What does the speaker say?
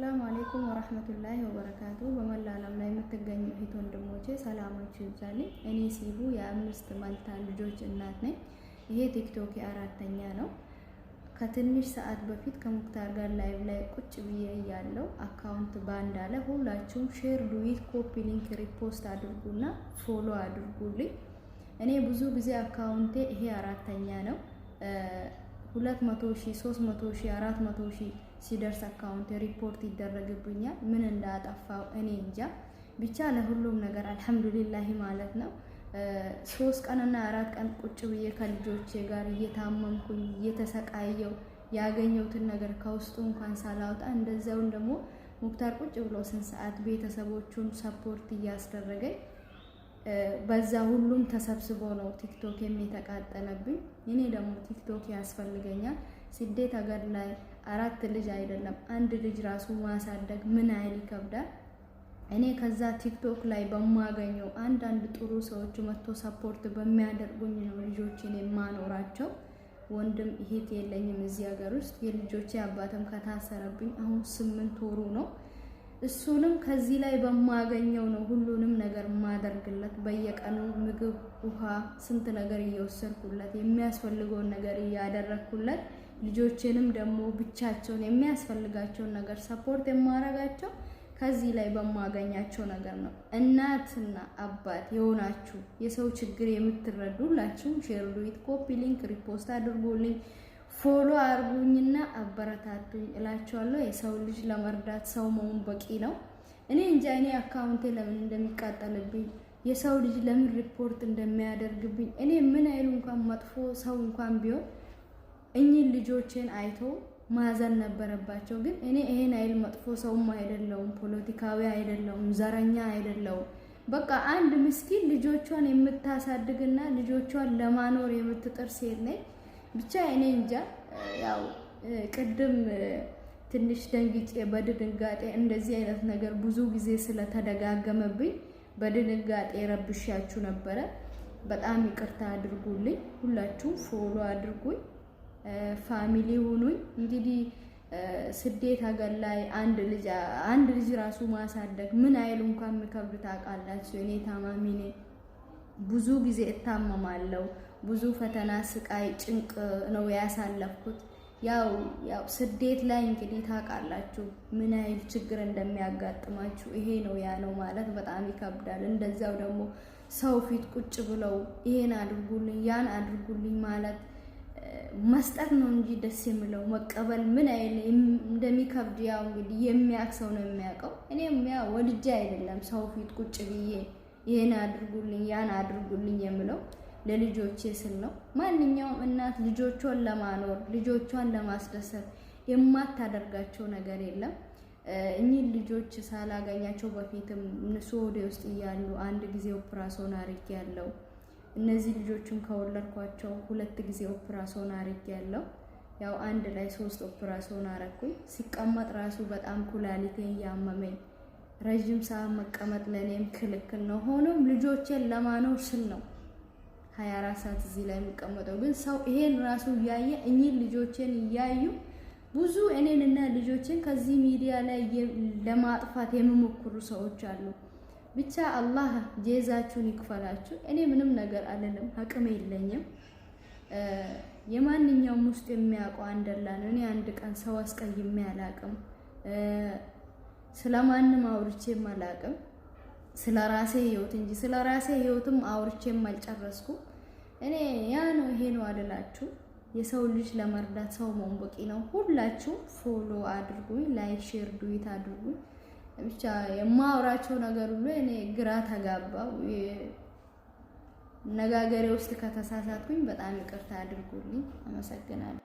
ሰላም አሌይኩም ወረህመቱላሂ ወበረካቱ። በመላ ዓለም ላይ የምትገኙ እህት ወንድሞቼ ሰላማችሁ ይብዛልኝ። እኔ ሲቡ የአምስት መልታ ልጆች እናት ነኝ። ይሄ ቲክቶክ የአራተኛ ነው። ከትንሽ ሰዓት በፊት ከሙክታር ጋር ላይቭ ላይ ቁጭ ብዬ እያለው አካውንት ባንድ አለ። ሁላችሁም ሼር ዱዊት፣ ኮፒ ሊንክ፣ ሪፖስት አድርጉና ፎሎ አድርጉልኝ። እኔ ብዙ ጊዜ አካውንቴ ይሄ አራተኛ ነው። ሁለት መቶ ሺህ ሶስት መቶ ሺህ አራት መቶ ሺህ ሲደርስ አካውንት ሪፖርት ይደረግብኛል። ምን እንዳጠፋው እኔ እንጃ። ብቻ ለሁሉም ነገር አልሐምዱሊላህ ማለት ነው። ሶስት ቀንና አራት ቀን ቁጭ ብዬ ከልጆቼ ጋር እየታመምኩኝ እየተሰቃየው ያገኘሁትን ነገር ከውስጡ እንኳን ሳላውጣ እንደዚያውን ደግሞ ሙክታር ቁጭ ብሎ ስንት ሰዓት ቤተሰቦቹን ሰፖርት እያስደረገኝ በዛ ሁሉም ተሰብስቦ ነው ቲክቶክ የሚተቃጠለብኝ። እኔ ደግሞ ቲክቶክ ያስፈልገኛል። ስደት ሀገር ላይ አራት ልጅ አይደለም አንድ ልጅ ራሱ ማሳደግ ምን አይል ይከብዳል። እኔ ከዛ ቲክቶክ ላይ በማገኘው አንዳንድ ጥሩ ሰዎች መጥቶ ሰፖርት በሚያደርጉኝ ነው ልጆችን የማኖራቸው። ወንድም እህት የለኝም እዚህ ሀገር ውስጥ። የልጆቼ አባትም ከታሰረብኝ አሁን ስምንት ወሩ ነው። እሱንም ከዚህ ላይ በማገኘው ነው ሁሉንም ነገር ማደርግለት። በየቀኑ ምግብ፣ ውሃ፣ ስንት ነገር እየወሰድኩለት የሚያስፈልገውን ነገር እያደረግኩለት ልጆቼንም ደግሞ ብቻቸውን የሚያስፈልጋቸውን ነገር ሰፖርት የማረጋቸው ከዚህ ላይ በማገኛቸው ነገር ነው። እናትና አባት የሆናችሁ የሰው ችግር የምትረዱ ሁላችሁም ሼር ዱዊት፣ ኮፒ ሊንክ፣ ሪፖስት አድርጉልኝ፣ ፎሎ አርጉኝና አበረታቱኝ እላችኋለሁ። የሰው ልጅ ለመርዳት ሰው መሆን በቂ ነው። እኔ እንጃ እኔ አካውንቴ ለምን እንደሚቃጠልብኝ የሰው ልጅ ለምን ሪፖርት እንደሚያደርግብኝ እኔ ምን አይሉ እንኳን መጥፎ ሰው እንኳን ቢሆን እኚህ ልጆችን አይቶ ማዘን ነበረባቸው። ግን እኔ ይሄን አይል መጥፎ ሰውም አይደለውም፣ ፖለቲካዊ አይደለውም፣ ዘረኛ አይደለውም። በቃ አንድ ምስኪን ልጆቿን የምታሳድግና ልጆቿን ለማኖር የምትጥር ሴት ነኝ። ብቻ እኔ እንጃ ያው ቅድም ትንሽ ደንግጬ በድንጋጤ እንደዚህ አይነት ነገር ብዙ ጊዜ ስለተደጋገመብኝ በድንጋጤ ረብሻችሁ ነበረ። በጣም ይቅርታ አድርጉልኝ። ሁላችሁም ፎሎ አድርጉኝ። ፋሚሊ ሁኑኝ። እንግዲህ ስደት ሀገር ላይ አንድ ልጅ አንድ ልጅ ራሱ ማሳደግ ምን አይሉ እንኳን የሚከብድ ታውቃላችሁ። እኔ ታማሚ ነኝ፣ ብዙ ጊዜ እታመማለሁ። ብዙ ፈተና፣ ስቃይ፣ ጭንቅ ነው ያሳለፍኩት። ያው ያው ስደት ላይ እንግዲህ ታውቃላችሁ ምን አይል ችግር እንደሚያጋጥማችሁ። ይሄ ነው ያ ነው ማለት በጣም ይከብዳል። እንደዚያው ደግሞ ሰው ፊት ቁጭ ብለው ይሄን አድርጉልኝ ያን አድርጉልኝ ማለት መስጠት ነው እንጂ ደስ የሚለው መቀበል ምን አይል እንደሚከብድ ያው እንግዲህ የሚያውቅ ሰው ነው የሚያውቀው። እኔም ያ ወድጄ አይደለም ሰው ፊት ቁጭ ብዬ ይሄን አድርጉልኝ ያን አድርጉልኝ የምለው ለልጆቼ ስል ነው። ማንኛውም እናት ልጆቿን ለማኖር ልጆቿን ለማስደሰት የማታደርጋቸው ነገር የለም። እኚህ ልጆች ሳላገኛቸው በፊትም ንሱ ወደ ውስጥ እያሉ አንድ ጊዜ ኦፕራሶን አርጌ ያለው እነዚህ ልጆችን ከወለድኳቸው ሁለት ጊዜ ኦፕራሶን አርግ ያለው ያው አንድ ላይ ሶስት ኦፕራሶን አረኩኝ። ሲቀመጥ ራሱ በጣም ኩላሊቴን እያመመኝ ረዥም ሰዓት መቀመጥ ለእኔም ክልክል ነው። ሆኖም ልጆቼን ለማኖር ስል ነው ሀያ አራት ሰዓት እዚህ ላይ የሚቀመጠው። ግን ሰው ይሄን ራሱ እያየ እኚህ ልጆቼን እያዩ ብዙ እኔንና ልጆችን ልጆቼን ከዚህ ሚዲያ ላይ ለማጥፋት የሚሞክሩ ሰዎች አሉ። ብቻ አላህ ጄዛችሁን ይክፈላችሁ። እኔ ምንም ነገር አልልም፣ አቅም የለኝም። የማንኛውም ውስጥ የሚያውቀው አንደላ ነው። እኔ አንድ ቀን ሰው አስቀይሜ አላቅም። ስለማንም አውርቼም አላቅም። ስለ ራሴ ህይወት እንጂ ስለ ራሴ ህይወትም አውርቼም የማልጨረስኩ እኔ ያ ነው ይሄ ነው አልላችሁ። የሰው ልጅ ለመርዳት ሰው መሆን በቂ ነው። ሁላችሁ ፎሎ አድርጉኝ፣ ላይክ ሼር ዱዊት አድርጉኝ። ብቻ የማወራቸው ነገር ሁሉ እኔ ግራ ተጋባው። ነጋገሬ ውስጥ ከተሳሳትኩኝ በጣም ይቅርታ አድርጉልኝ። አመሰግናለሁ።